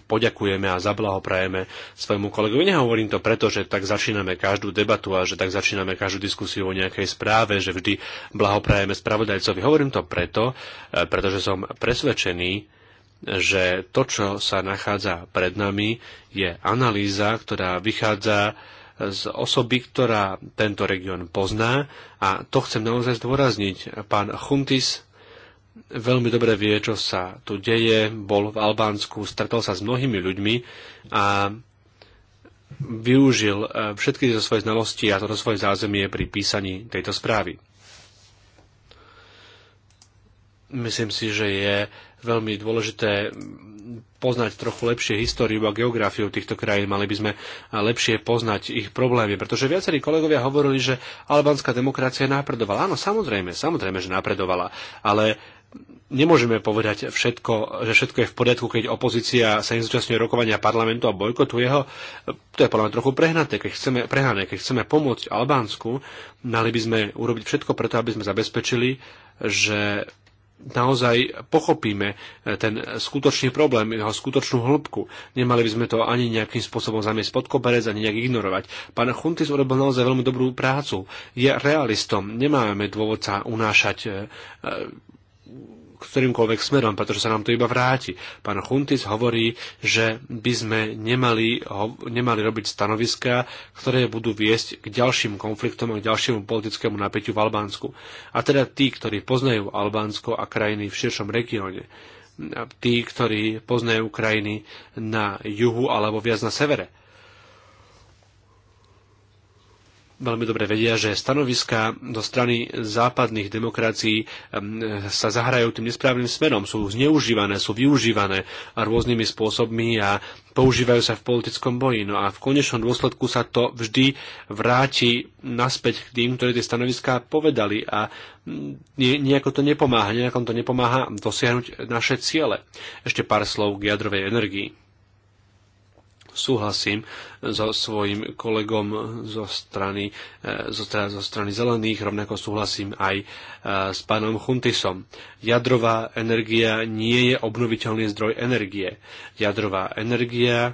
poďakujeme a zablahoprajeme svojmu kolegovi. Nehovorím to preto, že tak začíname každú debatu a že tak začíname každú diskusiu o nejakej správe, že vždy blahoprajeme spravodajcovi. Hovorím to preto, e, pretože som presvedčený, že to, čo sa nachádza pred nami, je analýza, ktorá vychádza e, z osoby, ktorá tento región pozná a to chcem naozaj zdôrazniť. Pán Chuntis veľmi dobre vie, čo sa tu deje, bol v Albánsku, stretol sa s mnohými ľuďmi a využil eh, všetky zo svoje znalosti a toto svoje zázemie pri písaní tejto správy. Myslím si, že je veľmi dôležité poznať trochu lepšie históriu a geografiu týchto krajín, mali by sme lepšie poznať ich problémy, pretože viacerí kolegovia hovorili, že albánska demokracia napredovala. Áno, samozrejme, samozrejme, že napredovala, ale nemôžeme povedať všetko, že všetko je v poriadku, keď opozícia sa nezúčastňuje rokovania parlamentu a bojkotuje ho. To je podľa mňa trochu prehnaté. Keď chceme, prehnané. Keď chceme pomôcť Albánsku, mali by sme urobiť všetko preto, aby sme zabezpečili, že naozaj pochopíme ten skutočný problém, jeho skutočnú hĺbku. Nemali by sme to ani nejakým spôsobom zamiesť pod koberec, ani nejak ignorovať. Pán Chuntis urobil naozaj veľmi dobrú prácu. Je realistom. Nemáme dôvod sa unášať e, ktorýmkoľvek smerom, pretože sa nám to iba vráti. Pán Chuntis hovorí, že by sme nemali, nemali robiť stanoviská, ktoré budú viesť k ďalším konfliktom a k ďalšiemu politickému napätiu v Albánsku. A teda tí, ktorí poznajú Albánsko a krajiny v širšom regióne, tí, ktorí poznajú krajiny na juhu alebo viac na severe veľmi dobre vedia, že stanoviska zo strany západných demokracií sa zahrajú tým nesprávnym smerom, sú zneužívané, sú využívané rôznymi spôsobmi a používajú sa v politickom boji. No a v konečnom dôsledku sa to vždy vráti naspäť k tým, ktorí tie stanoviská povedali a nejako to nepomáha, nejako to nepomáha dosiahnuť naše ciele. Ešte pár slov k jadrovej energii súhlasím so svojim kolegom zo strany, eh, zo, teda zo strany zelených, rovnako súhlasím aj eh, s pánom Chuntisom. Jadrová energia nie je obnoviteľný zdroj energie. Jadrová energia eh,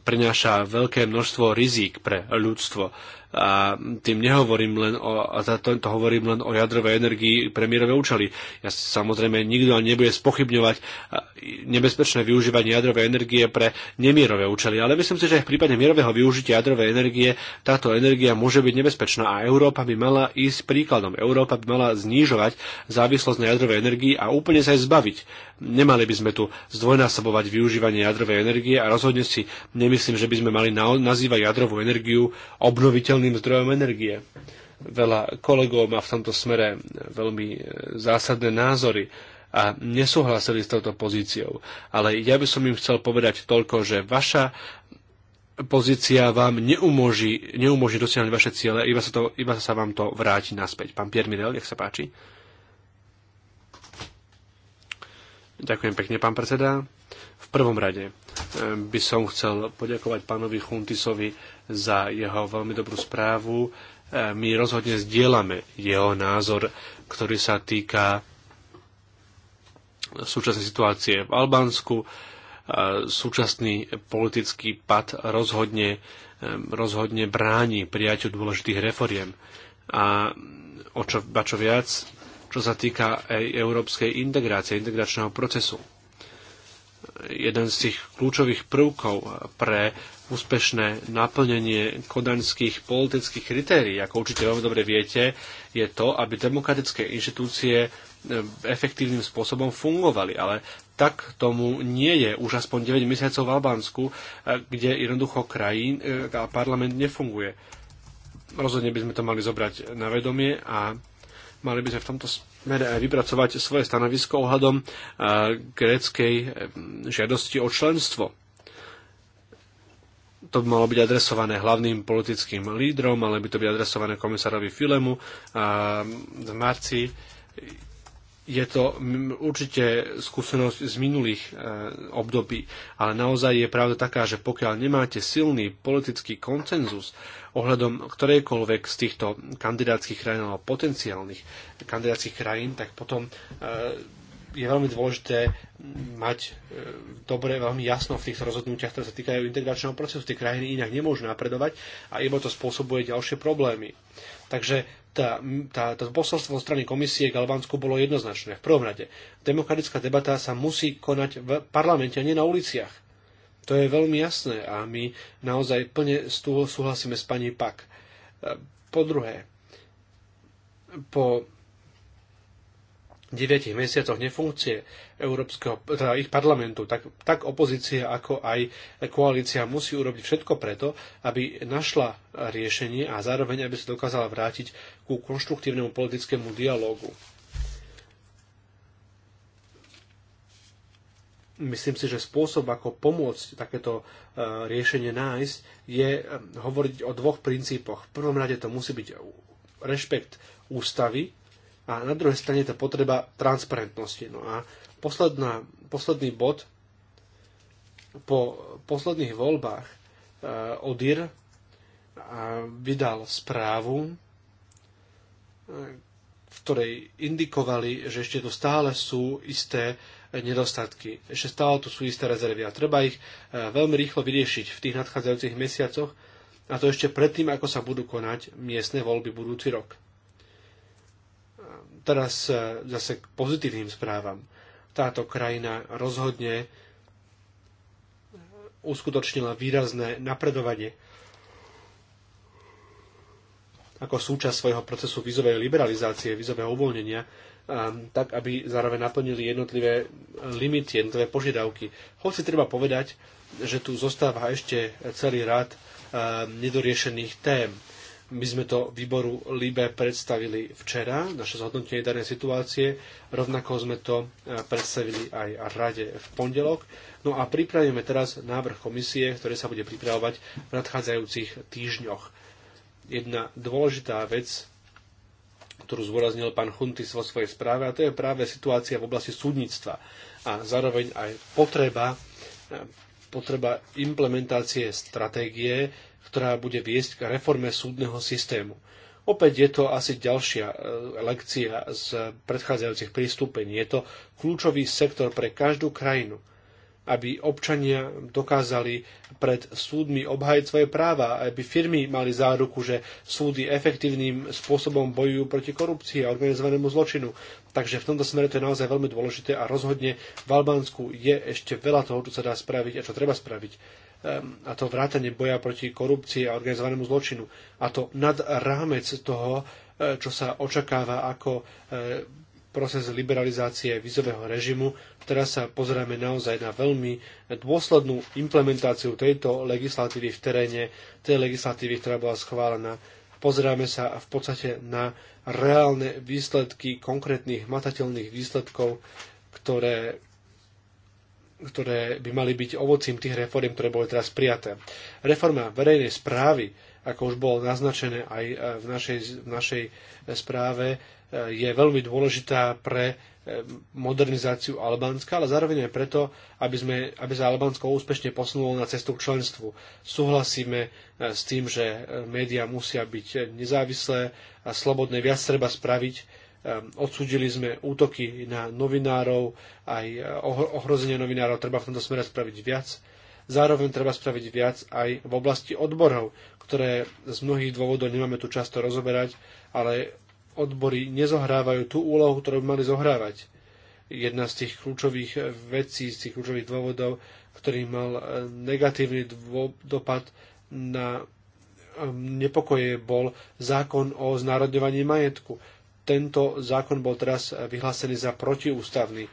prináša veľké množstvo rizík pre ľudstvo. A tým nehovorím len o, a to, to hovorím len o jadrovej energii pre mierové účely. Ja samozrejme nikto nebude spochybňovať nebezpečné využívanie jadrovej energie pre nemierové účely. Ale myslím si, že aj v prípade mierového využitia jadrovej energie táto energia môže byť nebezpečná a Európa by mala ísť príkladom. Európa by mala znižovať závislosť na jadrovej energii a úplne sa aj zbaviť. Nemali by sme tu zdvojnásobovať využívanie jadrovej energie a rozhodne si nemyslím, že by sme mali nazývať jadrovú energiu obnoviteľným obnoviteľným zdrojom energie. Veľa kolegov má v tomto smere veľmi e, zásadné názory a nesúhlasili s touto pozíciou. Ale ja by som im chcel povedať toľko, že vaša pozícia vám neumoží, neumoží dosiahnuť vaše ciele, iba sa, to, iba sa vám to vráti naspäť. Pán Pierre Mirel, nech sa páči. Ďakujem pekne, pán predseda. V prvom rade e, by som chcel poďakovať pánovi Chuntisovi za jeho veľmi dobrú správu. E, my rozhodne zdieľame jeho názor, ktorý sa týka súčasnej situácie v Albánsku. E, súčasný politický pad rozhodne, e, rozhodne bráni prijaťu dôležitých reforiem. A o čo, a čo viac, čo sa týka aj európskej integrácie, integračného procesu jeden z tých kľúčových prvkov pre úspešné naplnenie kodaňských politických kritérií, ako určite veľmi dobre viete, je to, aby demokratické inštitúcie e, efektívnym spôsobom fungovali. Ale tak tomu nie je už aspoň 9 mesiacov v Albánsku, e, kde jednoducho krajín e, a parlament nefunguje. Rozhodne by sme to mali zobrať na vedomie a mali by sme v tomto smere aj vypracovať svoje stanovisko ohľadom gréckej žiadosti o členstvo to by malo byť adresované hlavným politickým lídrom, ale by to byť adresované komisárovi Filemu a v marci. Je to určite skúsenosť z minulých e, období, ale naozaj je pravda taká, že pokiaľ nemáte silný politický koncenzus ohľadom ktorejkoľvek z týchto kandidátskych krajín alebo potenciálnych kandidátskych krajín, tak potom e, je veľmi dôležité mať e, dobre, veľmi jasno v tých rozhodnutiach, ktoré sa týkajú integračného procesu. Tie krajiny inak nemôžu napredovať a iba to spôsobuje ďalšie problémy. Takže tá, tá, to posolstvo strany komisie k Albánsku bolo jednoznačné. V prvom rade, demokratická debata sa musí konať v parlamente, a nie na uliciach. To je veľmi jasné a my naozaj plne súhlasíme s pani Pak. E, po druhé, po 9 mesiacoch nefunkcie Európskeho, teda ich parlamentu, tak, tak opozícia ako aj koalícia musí urobiť všetko preto, aby našla riešenie a zároveň aby sa dokázala vrátiť ku konštruktívnemu politickému dialógu. myslím si, že spôsob, ako pomôcť takéto e, riešenie nájsť, je e, hovoriť o dvoch princípoch. V prvom rade to musí byť rešpekt ústavy a na druhej strane tá potreba transparentnosti. No a posledná, posledný bod po posledných voľbách eh, ODIR eh, vydal správu, eh, v ktorej indikovali, že ešte tu stále sú isté nedostatky. Ešte stále tu sú isté rezervy a treba ich veľmi rýchlo vyriešiť v tých nadchádzajúcich mesiacoch a to ešte predtým, ako sa budú konať miestne voľby budúci rok. Teraz e, zase k pozitívnym správam. Táto krajina rozhodne e, uskutočnila výrazné napredovanie ako súčasť svojho procesu vizovej liberalizácie, vízového uvoľnenia, e, tak aby zároveň naplnili jednotlivé limity, jednotlivé požiadavky. Hoci treba povedať, že tu zostáva ešte celý rad nedoriešených tém. My sme to výboru LIBE predstavili včera, naše zhodnotenie danej situácie, rovnako sme to e, predstavili aj rade v pondelok. No a pripravíme teraz návrh komisie, ktorý sa bude pripravovať v nadchádzajúcich týždňoch. Jedna dôležitá vec, ktorú zdôraznil pán Huntis vo svojej správe, a to je práve situácia v oblasti súdnictva a zároveň aj potreba e, potreba implementácie stratégie ktorá bude viesť k reforme súdneho systému. Opäť je to asi ďalšia e, lekcia z predchádzajúcich prístupení. Je to kľúčový sektor pre každú krajinu, aby občania dokázali pred súdmi obhajiť svoje práva, aby firmy mali záruku, že súdy efektívnym spôsobom bojujú proti korupcii a organizovanému zločinu. Takže v tomto smere to je naozaj veľmi dôležité a rozhodne v Albánsku je ešte veľa toho, čo sa dá spraviť a čo treba spraviť a to vrátanie boja proti korupcii a organizovanému zločinu. A to nad rámec toho, e, čo sa očakáva ako e, proces liberalizácie vízového režimu. Teraz sa pozeráme naozaj na veľmi dôslednú implementáciu tejto legislatívy v teréne, tej legislatívy, ktorá bola schválená. Pozeráme sa v podstate na reálne výsledky konkrétnych matateľných výsledkov, ktoré ktoré by mali byť ovocím tých reform, ktoré boli teraz prijaté. Reforma verejnej správy, ako už bolo naznačené aj e, v našej, v našej e, správe, e, je veľmi dôležitá pre modernizáciu Albánska, ale zároveň aj preto, aby, sme, aby sa Albánsko úspešne posunulo na cestu k členstvu. Súhlasíme s tým, že médiá musia byť nezávislé a slobodné, viac treba spraviť Ehm, odsúdili sme útoky na novinárov, aj e, ohrozenie novinárov, treba v tomto smere spraviť viac. Zároveň treba spraviť viac aj v oblasti odborov, ktoré z mnohých dôvodov nemáme tu často rozoberať, ale odbory nezohrávajú tú úlohu, ktorú by mali zohrávať. Jedna z tých kľúčových e, vecí, z tých kľúčových dôvodov, ktorý mal e, negatívny dopad na nepokoje bol zákon o znárodňovaní majetku tento zákon bol teraz vyhlásený za protiústavný.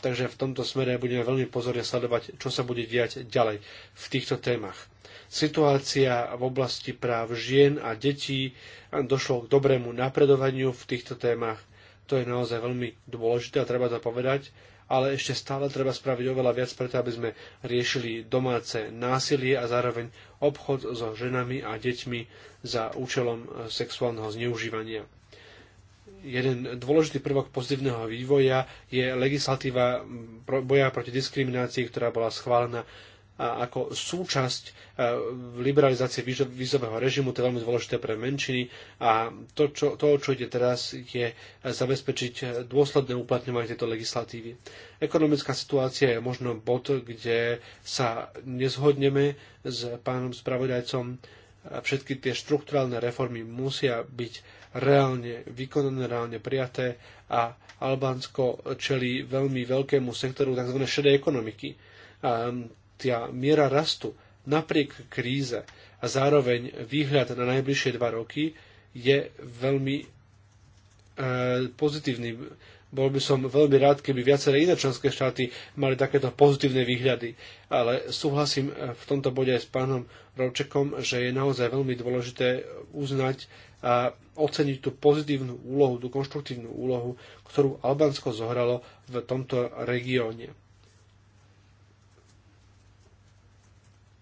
Takže v tomto smere budeme veľmi pozorne sledovať, čo sa bude diať ďalej v týchto témach. Situácia v oblasti práv žien a detí došlo k dobrému napredovaniu v týchto témach. To je naozaj veľmi dôležité a treba to povedať, ale ešte stále treba spraviť oveľa viac preto, aby sme riešili domáce násilie a zároveň obchod so ženami a deťmi za účelom sexuálneho zneužívania jeden dôležitý prvok pozitívneho vývoja je legislatíva boja proti diskriminácii, ktorá bola schválená ako súčasť e, liberalizácie vízového režimu, to je veľmi dôležité pre menšiny a to, čo, to, čo ide teraz, je zabezpečiť dôsledné uplatňovanie tejto legislatívy. Ekonomická situácia je možno bod, kde sa nezhodneme s pánom spravodajcom. Všetky tie štruktúralne reformy musia byť reálne vykonané, reálne prijaté a Albánsko čelí veľmi veľkému sektoru tzv. šedej ekonomiky. A tia miera rastu napriek kríze a zároveň výhľad na najbližšie dva roky je veľmi e, pozitívny. Bol by som veľmi rád, keby viaceré iné členské štáty mali takéto pozitívne výhľady, ale súhlasím e, v tomto bode aj s pánom Rovčekom, že je naozaj veľmi dôležité uznať a oceniť tú pozitívnu úlohu, tú konštruktívnu úlohu, ktorú Albánsko zohralo v tomto regióne.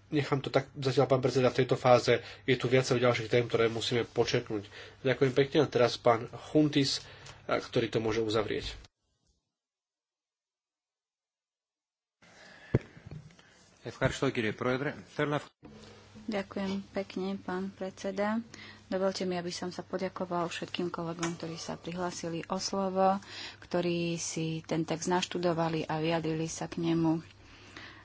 Nechám to tak zatiaľ, pán predseda, v tejto fáze. Je tu viacej ďalších tém, ktoré musíme početnúť. Ďakujem pekne a teraz pán Chuntis, ktorý to môže uzavrieť. Ευχαριστώ κύριε Ďakujem pekne, pán predseda. Dovolte mi, aby som sa poďakoval všetkým kolegom, ktorí sa prihlásili o slovo, ktorí si ten text naštudovali a vyjadrili sa k nemu.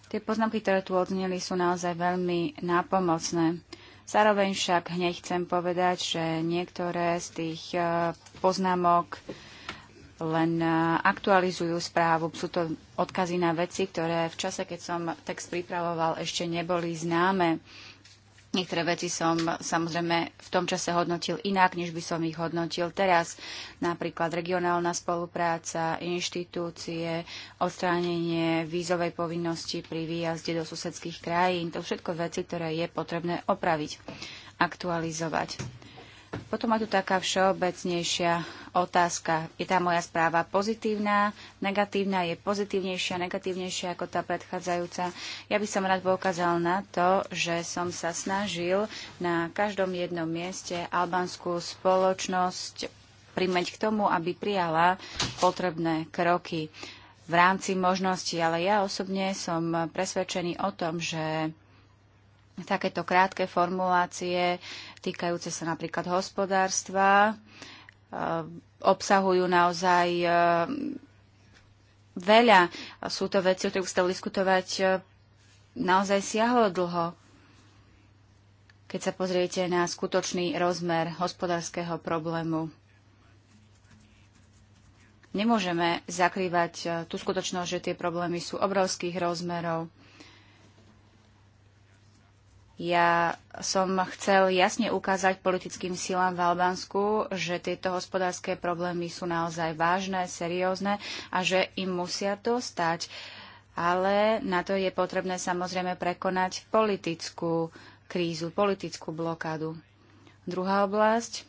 Tie poznámky, ktoré tu odzneli, sú naozaj veľmi nápomocné. Zároveň však hneď chcem povedať, že niektoré z tých e, poznámok len e, aktualizujú správu. Sú to odkazy na veci, ktoré v čase, keď som text pripravoval, ešte neboli známe. Niektoré veci som samozrejme v tom čase hodnotil inak, než by som ich hodnotil teraz. Napríklad regionálna spolupráca, inštitúcie, odstránenie vízovej povinnosti pri výjazde do susedských krajín. To všetko veci, ktoré je potrebné opraviť, aktualizovať. Potom má tu taká všeobecnejšia otázka. Je tá moja správa pozitívna, negatívna, je pozitívnejšia, negatívnejšia ako tá predchádzajúca? Ja by som rád poukázal na to, že som sa snažil na každom jednom mieste albanskú spoločnosť primeť k tomu, aby prijala potrebné kroky v rámci možností, ale ja osobne som presvedčený o tom, že takéto krátke formulácie týkajúce sa napríklad hospodárstva, eh, obsahujú naozaj eh, veľa. Sú to veci, o ktorých sa diskutovať eh, naozaj siahlo dlho. Keď sa pozriete na skutočný rozmer hospodárskeho problému, nemôžeme zakrývať tú skutočnosť, že tie problémy sú obrovských rozmerov. Ja som chcel jasne ukázať politickým silám v Albánsku, že tieto hospodárske problémy sú naozaj vážne, seriózne a že im musia dostať. Ale na to je potrebné samozrejme prekonať politickú krízu, politickú blokádu. Druhá oblasť.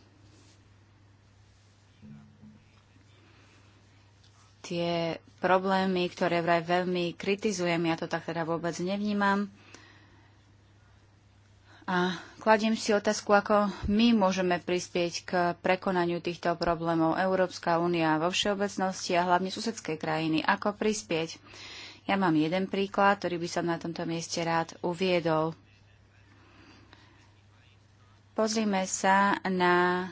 Tie problémy, ktoré vraj veľmi kritizujem, ja to tak teda vôbec nevnímam a kladiem si otázku, ako my môžeme prispieť k prekonaniu týchto problémov. Európska únia vo všeobecnosti a hlavne susedské krajiny. Ako prispieť? Ja mám jeden príklad, ktorý by som na tomto mieste rád uviedol. Pozrime sa na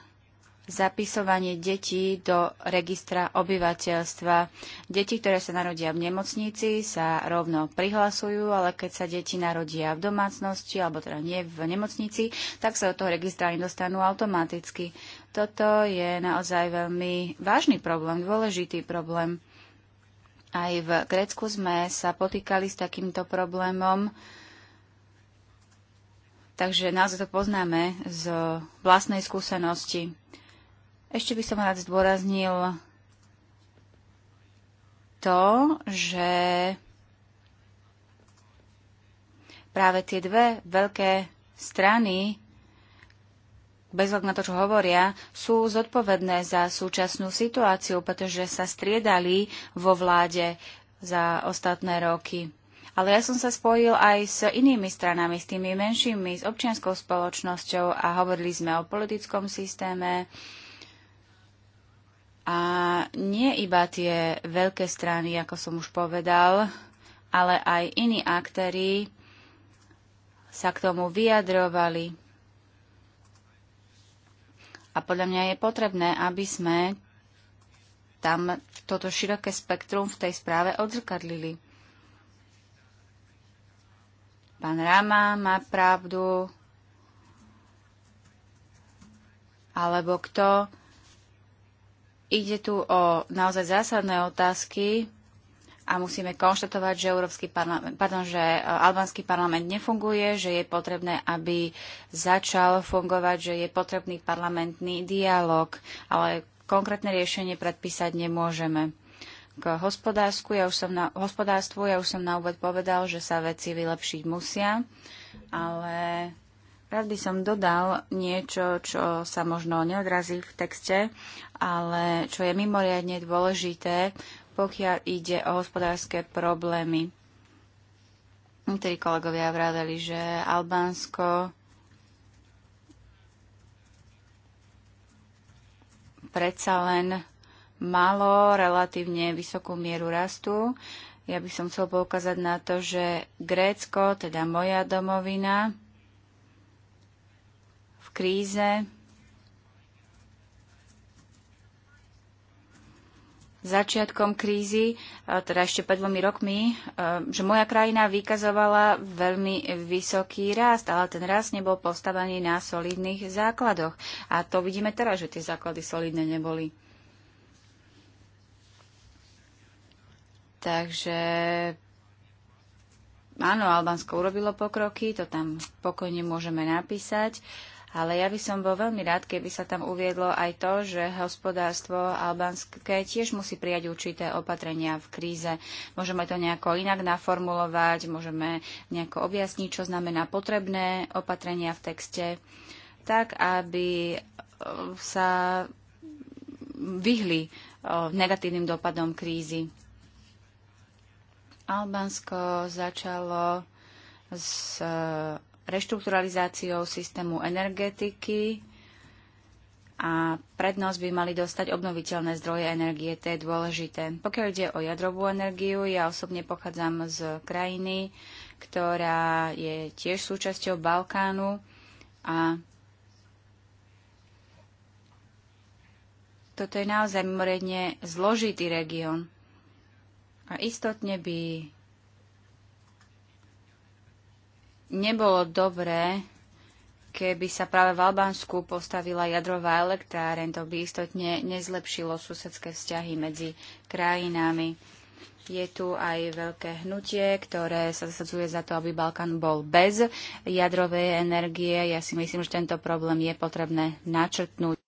zapisovanie detí do registra obyvateľstva. Deti, ktoré sa narodia v nemocnici, sa rovno prihlasujú, ale keď sa deti narodia v domácnosti, alebo teda nie v nemocnici, tak sa do toho registra nedostanú automaticky. Toto je naozaj veľmi vážny problém, dôležitý problém. Aj v Grécku sme sa potýkali s takýmto problémom. Takže naozaj to poznáme z vlastnej skúsenosti. Ešte by som rád zdôraznil to, že práve tie dve veľké strany, bez na to, čo hovoria, sú zodpovedné za súčasnú situáciu, pretože sa striedali vo vláde za ostatné roky. Ale ja som sa spojil aj s inými stranami, s tými menšími, s občianskou spoločnosťou a hovorili sme o politickom systéme, a nie iba tie veľké strany, ako som už povedal, ale aj iní aktéry sa k tomu vyjadrovali. A podľa mňa je potrebné, aby sme tam toto široké spektrum v tej správe odzrkadlili. Pán Rama má pravdu, alebo kto Ide tu o naozaj zásadné otázky a musíme konštatovať, že, Európsky parlament, pardon, že e, albánsky parlament nefunguje, že je potrebné, aby začal fungovať, že je potrebný parlamentný dialog, ale konkrétne riešenie predpísať nemôžeme. K hospodárstvu ja, už som na, hospodárstvu ja už som na úvod povedal, že sa veci vylepšiť musia, ale Rád by som dodal niečo, čo sa možno neodrazí v texte, ale čo je mimoriadne dôležité, pokiaľ ide o hospodárske problémy. Niektorí kolegovia vraveli, že Albánsko predsa len malo relatívne vysokú mieru rastu. Ja by som chcel poukázať na to, že Grécko, teda moja domovina, kríze, začiatkom krízy, teda ešte pred dvomi rokmi, že moja krajina vykazovala veľmi vysoký rast, ale ten rast nebol postavený na solidných základoch. A to vidíme teraz, že tie základy solidné neboli. Takže áno, Albánsko urobilo pokroky, to tam pokojne môžeme napísať. Uh, ale ja by som bol veľmi rád, keby sa tam uviedlo aj to, že hospodárstvo albanské tiež musí prijať určité opatrenia v kríze. Môžeme to nejako inak naformulovať, môžeme nejako objasniť, čo znamená potrebné opatrenia v texte, tak aby eh, sa vyhli eh, negatívnym dopadom krízy. Albánsko začalo s eh, reštrukturalizáciou systému energetiky a prednosť by mali dostať obnoviteľné zdroje energie, to je dôležité. Pokiaľ ide o jadrovú energiu, ja osobne pochádzam z krajiny, ktorá je tiež súčasťou Balkánu a toto je naozaj mimoriadne zložitý región. A istotne by nebolo dobré, keby sa práve v Albánsku postavila jadrová elektráreň. To by istotne nezlepšilo susedské vzťahy medzi krajinami. Je tu aj veľké hnutie, ktoré sa zasadzuje za to, aby Balkán bol bez jadrovej energie. Ja si myslím, že tento problém je potrebné načrtnúť.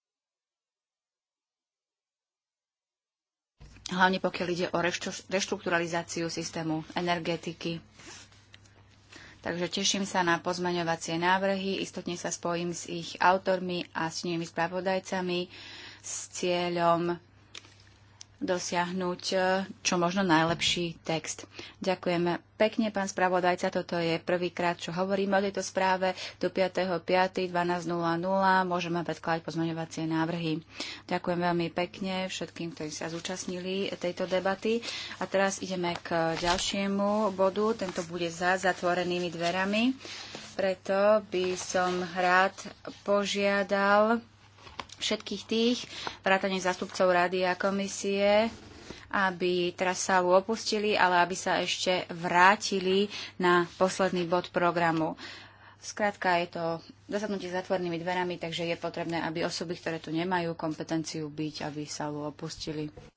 Hlavne pokiaľ ide o reštrukturalizáciu systému energetiky. Takže teším sa na pozmaňovacie návrhy, istotne sa spojím s ich autormi a s nimi spravodajcami s cieľom dosiahnuť e, čo možno najlepší text. Ďakujeme pekne, pán spravodajca. Toto je prvýkrát, čo hovoríme o tejto správe. Do 5.5.12.00 môžeme predkladať pozmeňovacie návrhy. Ďakujem veľmi pekne všetkým, ktorí sa zúčastnili tejto debaty. A teraz ideme k ďalšiemu bodu. Tento bude za zatvorenými dverami. Preto by som rád požiadal všetkých tých, vrátane zástupcov rady a komisie, aby teraz sálu opustili, ale aby sa ešte vrátili na posledný bod programu. Skrátka je to zasadnutie zatvornými dverami, takže je potrebné, aby osoby, ktoré tu nemajú kompetenciu byť, aby sa opustili.